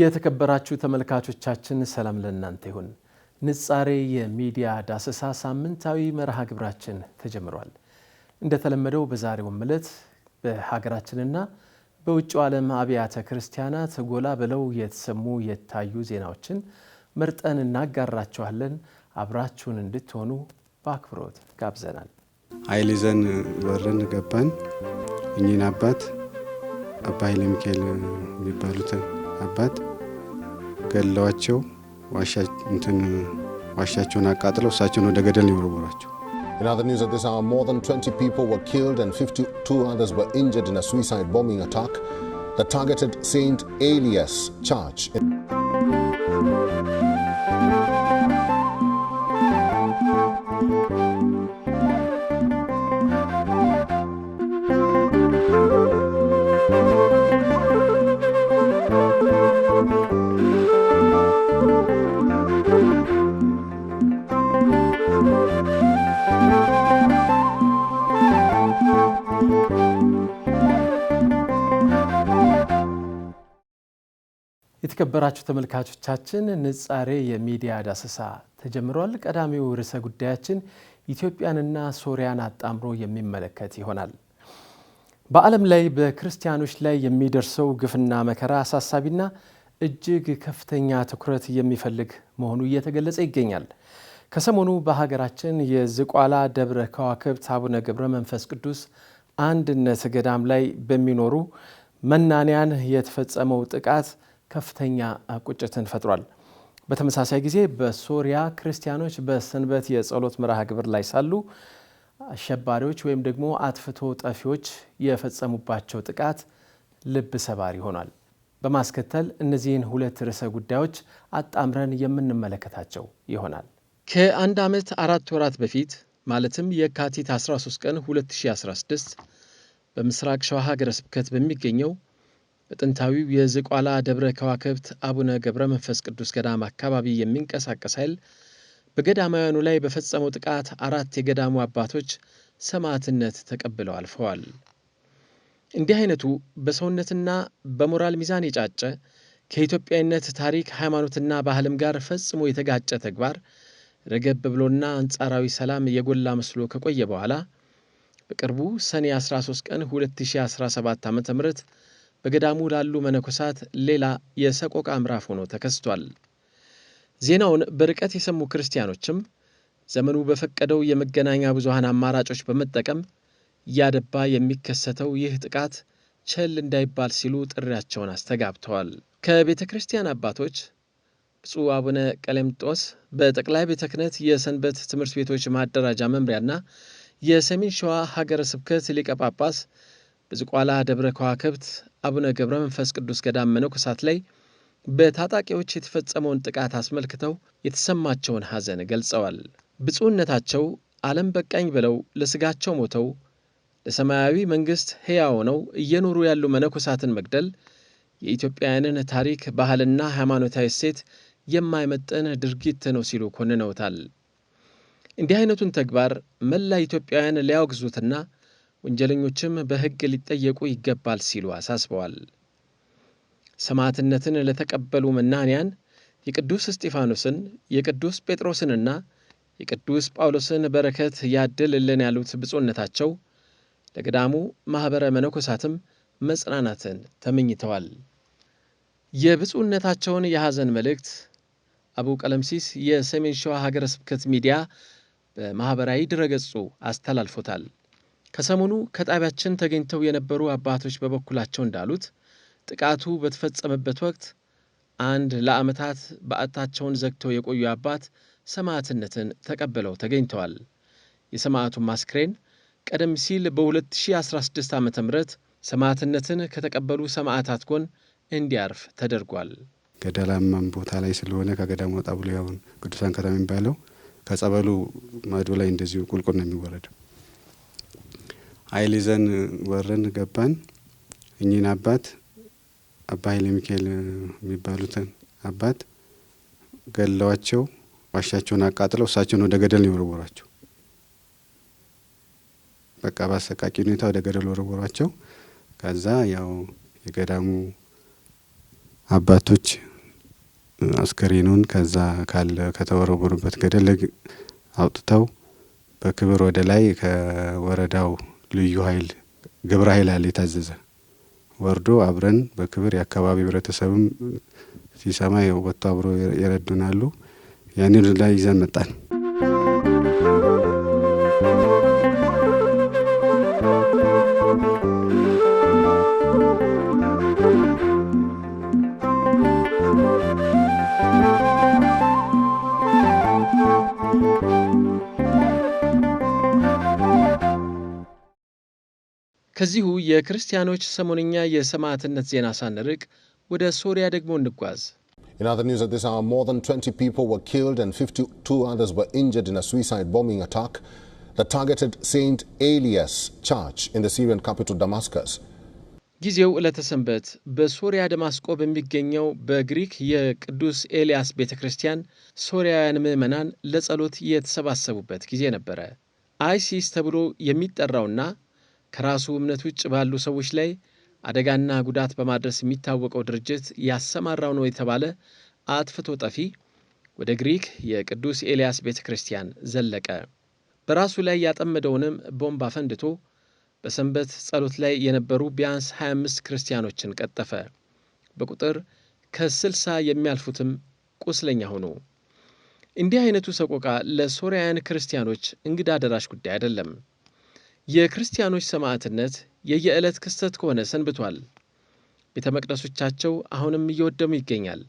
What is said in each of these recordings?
የተከበራችሁ ተመልካቾቻችን ሰላም ለእናንተ ይሁን። ንጻሬ የሚዲያ ዳሰሳ ሳምንታዊ መርሃ ግብራችን ተጀምሯል። እንደተለመደው በዛሬውም ዕለት በሀገራችንና በውጭው ዓለም አብያተ ክርስቲያናት ጎላ ብለው የተሰሙ የታዩ ዜናዎችን መርጠን እናጋራችኋለን። አብራችሁን እንድትሆኑ በአክብሮት ጋብዘናል። ኃይል ይዘን በርን ገባን። እኚህን አባት አባ ኃይለ ሚካኤል የሚባሉትን አባት ገለዋቸው ዋሻቸውን አቃጥለው እሳቸውን ወደ ገደል In other news at this hour, more than 20 people were killed and 52 others were injured in a suicide bombing attack that targeted St. Elias Church. የተከበራችሁ ተመልካቾቻችን ንጻሬ የሚዲያ ዳሰሳ ተጀምሯል። ቀዳሚው ርዕሰ ጉዳያችን ኢትዮጵያንና ሶሪያን አጣምሮ የሚመለከት ይሆናል። በዓለም ላይ በክርስቲያኖች ላይ የሚደርሰው ግፍና መከራ አሳሳቢና እጅግ ከፍተኛ ትኩረት የሚፈልግ መሆኑ እየተገለጸ ይገኛል። ከሰሞኑ በሀገራችን የዝቋላ ደብረ ከዋክብት አቡነ ገብረ መንፈስ ቅዱስ አንድነት ገዳም ላይ በሚኖሩ መናንያን የተፈጸመው ጥቃት ከፍተኛ ቁጭትን ፈጥሯል። በተመሳሳይ ጊዜ በሶሪያ ክርስቲያኖች በሰንበት የጸሎት መርሃ ግብር ላይ ሳሉ አሸባሪዎች ወይም ደግሞ አጥፍቶ ጠፊዎች የፈጸሙባቸው ጥቃት ልብ ሰባሪ ሆኗል። በማስከተል እነዚህን ሁለት ርዕሰ ጉዳዮች አጣምረን የምንመለከታቸው ይሆናል። ከአንድ ዓመት አራት ወራት በፊት ማለትም የካቲት 13 ቀን 2016 በምስራቅ ሸዋ ሀገረ ስብከት በሚገኘው በጥንታዊው የዝቋላ ደብረ ከዋክብት አቡነ ገብረ መንፈስ ቅዱስ ገዳም አካባቢ የሚንቀሳቀስ ኃይል በገዳማውያኑ ላይ በፈጸመው ጥቃት አራት የገዳሙ አባቶች ሰማዕትነት ተቀብለው አልፈዋል። እንዲህ አይነቱ በሰውነትና በሞራል ሚዛን የጫጨ ከኢትዮጵያዊነት ታሪክ ሃይማኖትና ባህልም ጋር ፈጽሞ የተጋጨ ተግባር ረገብ ብሎና አንጻራዊ ሰላም የጎላ መስሎ ከቆየ በኋላ በቅርቡ ሰኔ 13 ቀን 2017 ዓ ም በገዳሙ ላሉ መነኮሳት ሌላ የሰቆቃ ምዕራፍ ሆኖ ተከስቷል። ዜናውን በርቀት የሰሙ ክርስቲያኖችም ዘመኑ በፈቀደው የመገናኛ ብዙሃን አማራጮች በመጠቀም እያደባ የሚከሰተው ይህ ጥቃት ቸል እንዳይባል ሲሉ ጥሪያቸውን አስተጋብተዋል። ከቤተ ክርስቲያን አባቶች ብፁዕ አቡነ ቀሌምጦስ በጠቅላይ ቤተ ክህነት የሰንበት ትምህርት ቤቶች ማደራጃ መምሪያና የሰሜን ሸዋ ሀገረ ስብከት ሊቀ ጳጳስ በዝቋላ ደብረ ከዋክብት አቡነ ገብረ መንፈስ ቅዱስ ገዳም መነኮሳት ላይ በታጣቂዎች የተፈጸመውን ጥቃት አስመልክተው የተሰማቸውን ሐዘን ገልጸዋል። ብፁዕነታቸው ዓለም በቃኝ ብለው ለሥጋቸው ሞተው ለሰማያዊ መንግሥት ሕያው ነው እየኖሩ ያሉ መነኮሳትን መግደል የኢትዮጵያውያንን ታሪክ ባህልና ሃይማኖታዊ እሴት የማይመጥን ድርጊት ነው ሲሉ ኮንነውታል። እንዲህ አይነቱን ተግባር መላ ኢትዮጵያውያን ሊያወግዙትና ወንጀለኞችም በሕግ ሊጠየቁ ይገባል ሲሉ አሳስበዋል። ሰማዕትነትን ለተቀበሉ መናንያን የቅዱስ እስጢፋኖስን የቅዱስ ጴጥሮስንና የቅዱስ ጳውሎስን በረከት ያድልልን ያሉት ብፁዕነታቸው ለገዳሙ ማኅበረ መነኮሳትም መጽናናትን ተመኝተዋል። የብፁዕነታቸውን የሐዘን መልእክት አቡ ቀለምሲስ የሰሜን ሸዋ ሀገረ ስብከት ሚዲያ በማኅበራዊ ድረገጹ አስተላልፎታል። ከሰሞኑ ከጣቢያችን ተገኝተው የነበሩ አባቶች በበኩላቸው እንዳሉት ጥቃቱ በተፈጸመበት ወቅት አንድ ለዓመታት በዓታቸውን ዘግተው የቆዩ አባት ሰማዕትነትን ተቀብለው ተገኝተዋል። የሰማዕቱ አስክሬን ቀደም ሲል በ2016 ዓ ም ሰማዕትነትን ከተቀበሉ ሰማዕታት ጎን እንዲያርፍ ተደርጓል። ገደላማም ቦታ ላይ ስለሆነ ከገዳም ወጣ ብሎ ያሁን ቅዱሳን ከተማ የሚባለው ከጸበሉ ማዶ ላይ እንደዚሁ ቁልቁል ነው የሚወረደው ኃይል ይዘን ወረን ገባን። እኚህን አባት አባ ኃይለ ሚካኤል የሚባሉትን አባት ገለዋቸው ዋሻቸውን አቃጥለው እሳቸውን ወደ ገደል ነው የወረወሯቸው። በቃ በአሰቃቂ ሁኔታ ወደ ገደል ወረወሯቸው። ከዛ ያው የገዳሙ አባቶች አስከሬኑን ከዛ ካለ ከተወረወሩበት ገደል አውጥተው በክብር ወደ ላይ ከወረዳው ልዩ ኃይል ግብረ ኃይል አለ የታዘዘ ወርዶ አብረን በክብር የአካባቢ ህብረተሰብም ሲሰማ ወጥቶ አብሮ ይረዱናሉ። ያንን ላይ ይዘን መጣን። ከዚሁ የክርስቲያኖች ሰሞንኛ የሰማዕትነት ዜና ሳንርቅ ወደ ሶሪያ ደግሞ እንጓዝ። In other news at this hour, more than 20 people were killed and 52 others were injured in a suicide bombing attack that targeted St. Elias Church in the Syrian capital Damascus. ጊዜው ዕለተ ሰንበት በሶሪያ ደማስቆ በሚገኘው በግሪክ የቅዱስ ኤልያስ ቤተ ክርስቲያን ሶሪያውያን ምዕመናን ለጸሎት የተሰባሰቡበት ጊዜ ነበረ። አይሲስ ተብሎ የሚጠራውና ከራሱ እምነት ውጭ ባሉ ሰዎች ላይ አደጋና ጉዳት በማድረስ የሚታወቀው ድርጅት ያሰማራው ነው የተባለ አጥፍቶ ጠፊ ወደ ግሪክ የቅዱስ ኤልያስ ቤተ ክርስቲያን ዘለቀ። በራሱ ላይ ያጠመደውንም ቦምብ አፈንድቶ በሰንበት ጸሎት ላይ የነበሩ ቢያንስ 25 ክርስቲያኖችን ቀጠፈ። በቁጥር ከ60 የሚያልፉትም ቁስለኛ ሆኑ። እንዲህ አይነቱ ሰቆቃ ለሶርያውያን ክርስቲያኖች እንግዳ ደራሽ ጉዳይ አይደለም። የክርስቲያኖች ሰማዕትነት የየዕለት ክስተት ከሆነ ሰንብቷል። ቤተ መቅደሶቻቸው አሁንም እየወደሙ ይገኛል።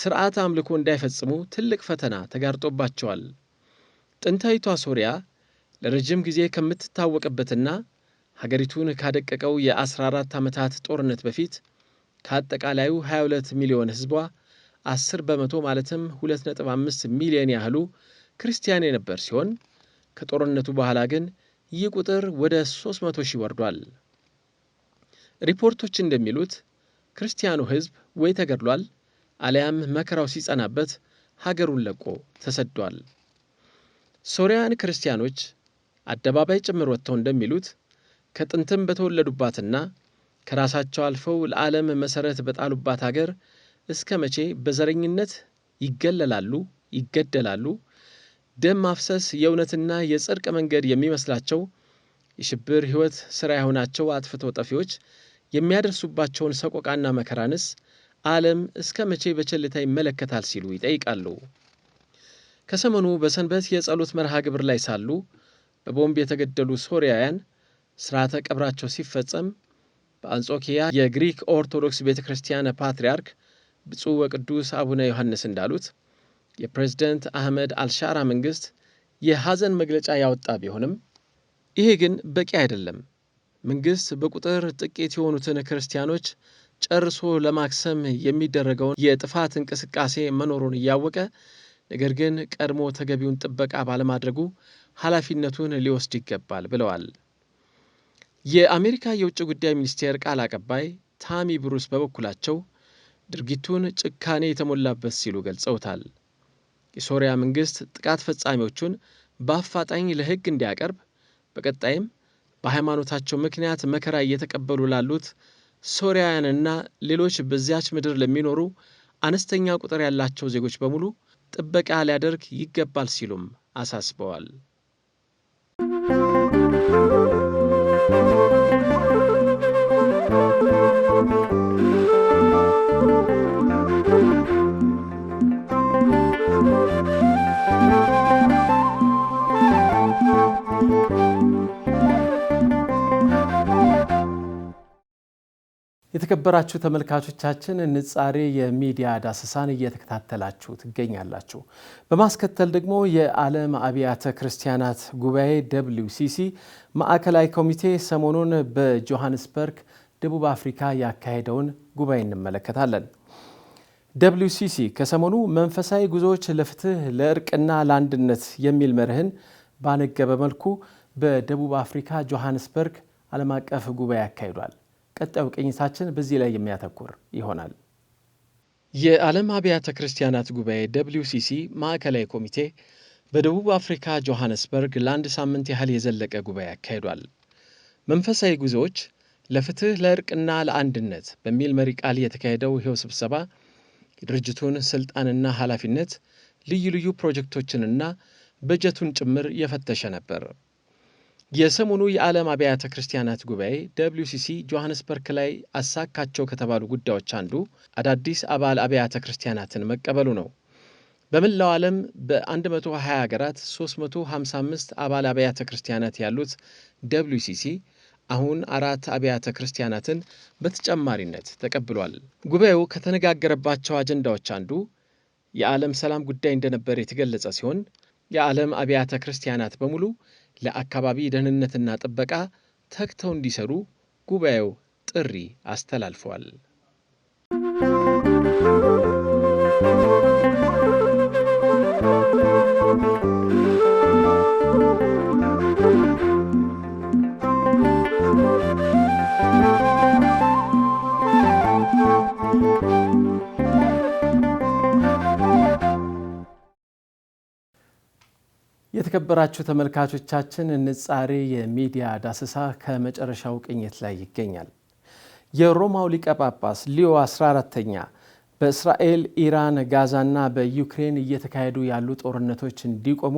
ሥርዓት አምልኮ እንዳይፈጽሙ ትልቅ ፈተና ተጋርጦባቸዋል። ጥንታዊቷ ሶሪያ ለረጅም ጊዜ ከምትታወቅበትና ሀገሪቱን ካደቀቀው የ14 ዓመታት ጦርነት በፊት ከአጠቃላዩ 22 ሚሊዮን ሕዝቧ 10 በመቶ ማለትም 2.5 ሚሊዮን ያህሉ ክርስቲያን የነበር ሲሆን ከጦርነቱ በኋላ ግን ይህ ቁጥር ወደ 300 ሺህ ወርዷል። ሪፖርቶች እንደሚሉት ክርስቲያኑ ሕዝብ ወይ ተገድሏል አሊያም መከራው ሲጸናበት ሀገሩን ለቆ ተሰዷል። ሶርያን ክርስቲያኖች አደባባይ ጭምር ወጥተው እንደሚሉት ከጥንትም በተወለዱባትና ከራሳቸው አልፈው ለዓለም መሠረት በጣሉባት አገር እስከ መቼ በዘረኝነት ይገለላሉ፣ ይገደላሉ ደም ማፍሰስ የእውነትና የጽድቅ መንገድ የሚመስላቸው የሽብር ሕይወት ሥራ የሆናቸው አጥፍቶ ጠፊዎች የሚያደርሱባቸውን ሰቆቃና መከራንስ ዓለም እስከ መቼ በቸልታ ይመለከታል ሲሉ ይጠይቃሉ። ከሰሞኑ በሰንበት የጸሎት መርሃ ግብር ላይ ሳሉ በቦምብ የተገደሉ ሶርያውያን ሥርዓተ ቀብራቸው ሲፈጸም በአንጾኪያ የግሪክ ኦርቶዶክስ ቤተ ክርስቲያን ፓትርያርክ ብፁዕ ወቅዱስ አቡነ ዮሐንስ እንዳሉት የፕሬዝደንት አህመድ አልሻራ መንግስት የሐዘን መግለጫ ያወጣ ቢሆንም ይሄ ግን በቂ አይደለም። መንግስት በቁጥር ጥቂት የሆኑትን ክርስቲያኖች ጨርሶ ለማክሰም የሚደረገውን የጥፋት እንቅስቃሴ መኖሩን እያወቀ ነገር ግን ቀድሞ ተገቢውን ጥበቃ ባለማድረጉ ኃላፊነቱን ሊወስድ ይገባል ብለዋል። የአሜሪካ የውጭ ጉዳይ ሚኒስቴር ቃል አቀባይ ታሚ ብሩስ በበኩላቸው ድርጊቱን ጭካኔ የተሞላበት ሲሉ ገልጸውታል። የሶሪያ መንግስት ጥቃት ፈጻሚዎቹን በአፋጣኝ ለህግ እንዲያቀርብ በቀጣይም በሃይማኖታቸው ምክንያት መከራ እየተቀበሉ ላሉት ሶሪያውያንና ሌሎች በዚያች ምድር ለሚኖሩ አነስተኛ ቁጥር ያላቸው ዜጎች በሙሉ ጥበቃ ሊያደርግ ይገባል ሲሉም አሳስበዋል። የተከበራችሁ ተመልካቾቻችን ንጻሬ የሚዲያ ዳሰሳን እየተከታተላችሁ ትገኛላችሁ። በማስከተል ደግሞ የዓለም አብያተ ክርስቲያናት ጉባኤ ደብሊው ሲሲ ማዕከላዊ ኮሚቴ ሰሞኑን በጆሃንስበርግ ደቡብ አፍሪካ ያካሄደውን ጉባኤ እንመለከታለን። ደብሊው ሲሲ ከሰሞኑ መንፈሳዊ ጉዞዎች ለፍትህ ለእርቅና ለአንድነት የሚል መርህን ባነገበ መልኩ በደቡብ አፍሪካ ጆሃንስበርግ ዓለም አቀፍ ጉባኤ ያካሂዷል። ቀጣዩ ቅኝታችን በዚህ ላይ የሚያተኩር ይሆናል። የዓለም አብያተ ክርስቲያናት ጉባኤ ደብሊው ሲሲ ማዕከላዊ ኮሚቴ በደቡብ አፍሪካ ጆሐንስበርግ ለአንድ ሳምንት ያህል የዘለቀ ጉባኤ አካሂዷል። መንፈሳዊ ጉዞዎች ለፍትህ ለእርቅና ለአንድነት በሚል መሪ ቃል የተካሄደው ይኸው ስብሰባ የድርጅቱን ስልጣንና ኃላፊነት ልዩ ልዩ ፕሮጀክቶችንና በጀቱን ጭምር የፈተሸ ነበር። የሰሞኑ የዓለም አብያተ ክርስቲያናት ጉባኤ ደብሊውሲሲ ጆሐንስበርግ ላይ አሳካቸው ከተባሉ ጉዳዮች አንዱ አዳዲስ አባል አብያተ ክርስቲያናትን መቀበሉ ነው። በመላው ዓለም በ120 ሀገራት 355 አባል አብያተ ክርስቲያናት ያሉት ደብሊውሲሲ አሁን አራት አብያተ ክርስቲያናትን በተጨማሪነት ተቀብሏል። ጉባኤው ከተነጋገረባቸው አጀንዳዎች አንዱ የዓለም ሰላም ጉዳይ እንደነበር የተገለጸ ሲሆን የዓለም አብያተ ክርስቲያናት በሙሉ ለአካባቢ ደህንነትና ጥበቃ ተግተው እንዲሰሩ ጉባኤው ጥሪ አስተላልፏል። የተከበራችሁ ተመልካቾቻችን ንጻሬ የሚዲያ ዳሰሳ ከመጨረሻው ቅኝት ላይ ይገኛል። የሮማው ሊቀ ጳጳስ ሊዮ 14ተኛ በእስራኤል፣ ኢራን፣ ጋዛና በዩክሬን እየተካሄዱ ያሉ ጦርነቶች እንዲቆሙ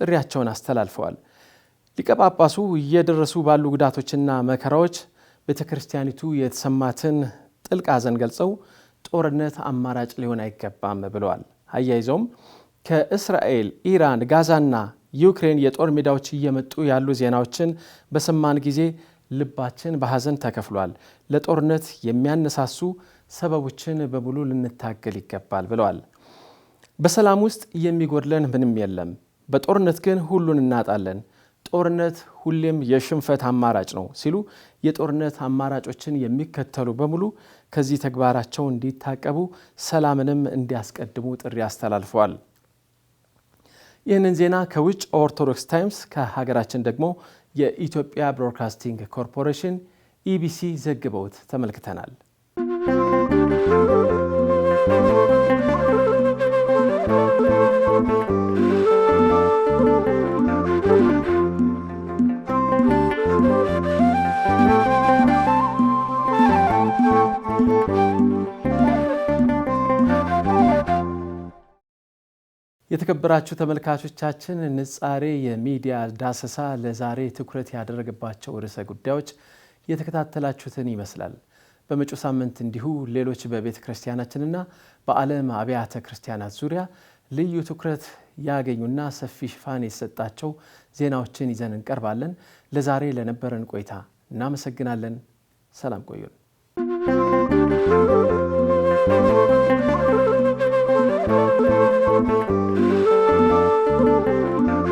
ጥሪያቸውን አስተላልፈዋል። ሊቀ ጳጳሱ እየደረሱ ባሉ ጉዳቶችና መከራዎች ቤተ ክርስቲያኒቱ የተሰማትን ጥልቅ ሐዘን ገልጸው ጦርነት አማራጭ ሊሆን አይገባም ብለዋል። አያይዘውም ከእስራኤል፣ ኢራን፣ ጋዛና ዩክሬን የጦር ሜዳዎች እየመጡ ያሉ ዜናዎችን በሰማን ጊዜ ልባችን በሐዘን ተከፍሏል። ለጦርነት የሚያነሳሱ ሰበቦችን በሙሉ ልንታገል ይገባል ብለዋል። በሰላም ውስጥ የሚጎድለን ምንም የለም፣ በጦርነት ግን ሁሉን እናጣለን። ጦርነት ሁሌም የሽንፈት አማራጭ ነው ሲሉ የጦርነት አማራጮችን የሚከተሉ በሙሉ ከዚህ ተግባራቸው እንዲታቀቡ፣ ሰላምንም እንዲያስቀድሙ ጥሪ አስተላልፈዋል። ይህንን ዜና ከውጭ ኦርቶዶክስ ታይምስ ከሀገራችን ደግሞ የኢትዮጵያ ብሮድካስቲንግ ኮርፖሬሽን ኢቢሲ ዘግበውት ተመልክተናል። Thank you. የተከበራችሁ ተመልካቾቻችን ንጻሬ የሚዲያ ዳሰሳ ለዛሬ ትኩረት ያደረገባቸው ርዕሰ ጉዳዮች የተከታተላችሁትን ይመስላል። በመጪው ሳምንት እንዲሁ ሌሎች በቤተ ክርስቲያናችንና በዓለም አብያተ ክርስቲያናት ዙሪያ ልዩ ትኩረት ያገኙና ሰፊ ሽፋን የተሰጣቸው ዜናዎችን ይዘን እንቀርባለን። ለዛሬ ለነበረን ቆይታ እናመሰግናለን። ሰላም ቆዩን። Thank you.